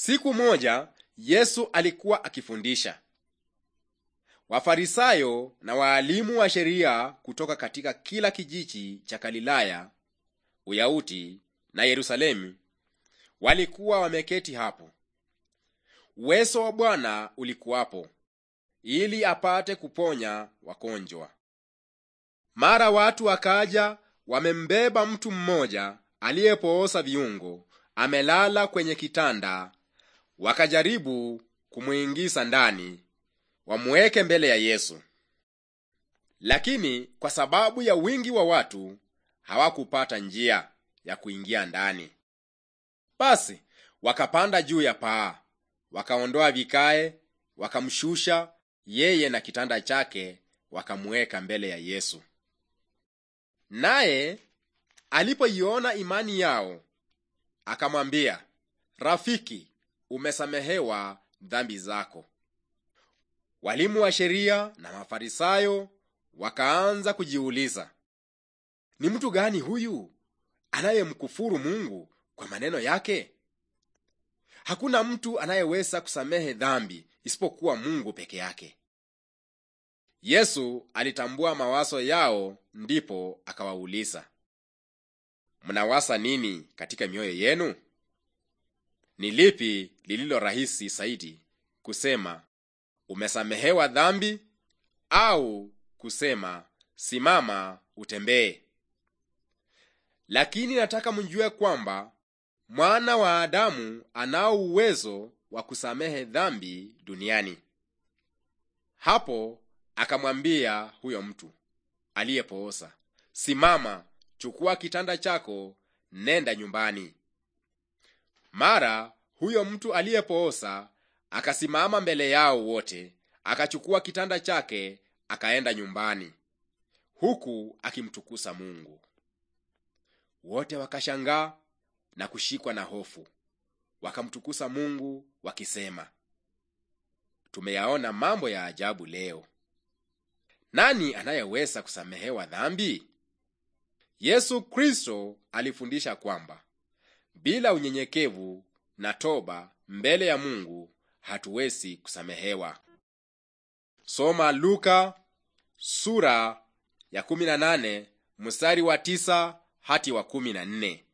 Siku moja Yesu alikuwa akifundisha. Wafarisayo na waalimu wa sheria kutoka katika kila kijiji cha Galilaya, Uyahudi na Yerusalemu walikuwa wameketi hapo. Uwezo wa Bwana ulikuwapo ili apate kuponya wagonjwa. Mara watu wakaja, wamembeba mtu mmoja aliyepooza viungo, amelala kwenye kitanda wakajaribu kumwingiza ndani wamuweke mbele ya Yesu, lakini kwa sababu ya wingi wa watu hawakupata njia ya kuingia ndani. Basi wakapanda juu ya paa, wakaondoa vikae, wakamshusha yeye na kitanda chake, wakamuweka mbele ya Yesu. Naye alipoiona imani yao, akamwambia, Rafiki, umesamehewa dhambi zako. Walimu wa sheria na Mafarisayo wakaanza kujiuliza, ni mtu gani huyu anayemkufuru Mungu kwa maneno yake? Hakuna mtu anayeweza kusamehe dhambi isipokuwa Mungu peke yake. Yesu alitambua mawazo yao, ndipo akawauliza, mnawasa nini katika mioyo yenu? Ni lipi lililo rahisi zaidi, kusema umesamehewa dhambi au kusema simama utembee? Lakini nataka mjue kwamba mwana wa Adamu anao uwezo wa kusamehe dhambi duniani. Hapo akamwambia huyo mtu aliyepooza, simama, chukua kitanda chako, nenda nyumbani. Mara huyo mtu aliyepooza akasimama mbele yao wote, akachukua kitanda chake akaenda nyumbani, huku akimtukusa Mungu. Wote wakashangaa na kushikwa na hofu, wakamtukusa Mungu wakisema, tumeyaona mambo ya ajabu leo. Nani anayeweza kusamehewa dhambi? Yesu Kristo alifundisha kwamba bila unyenyekevu na toba mbele ya Mungu hatuwezi kusamehewa. Soma Luka sura ya 18 mstari wa 9 wa 14.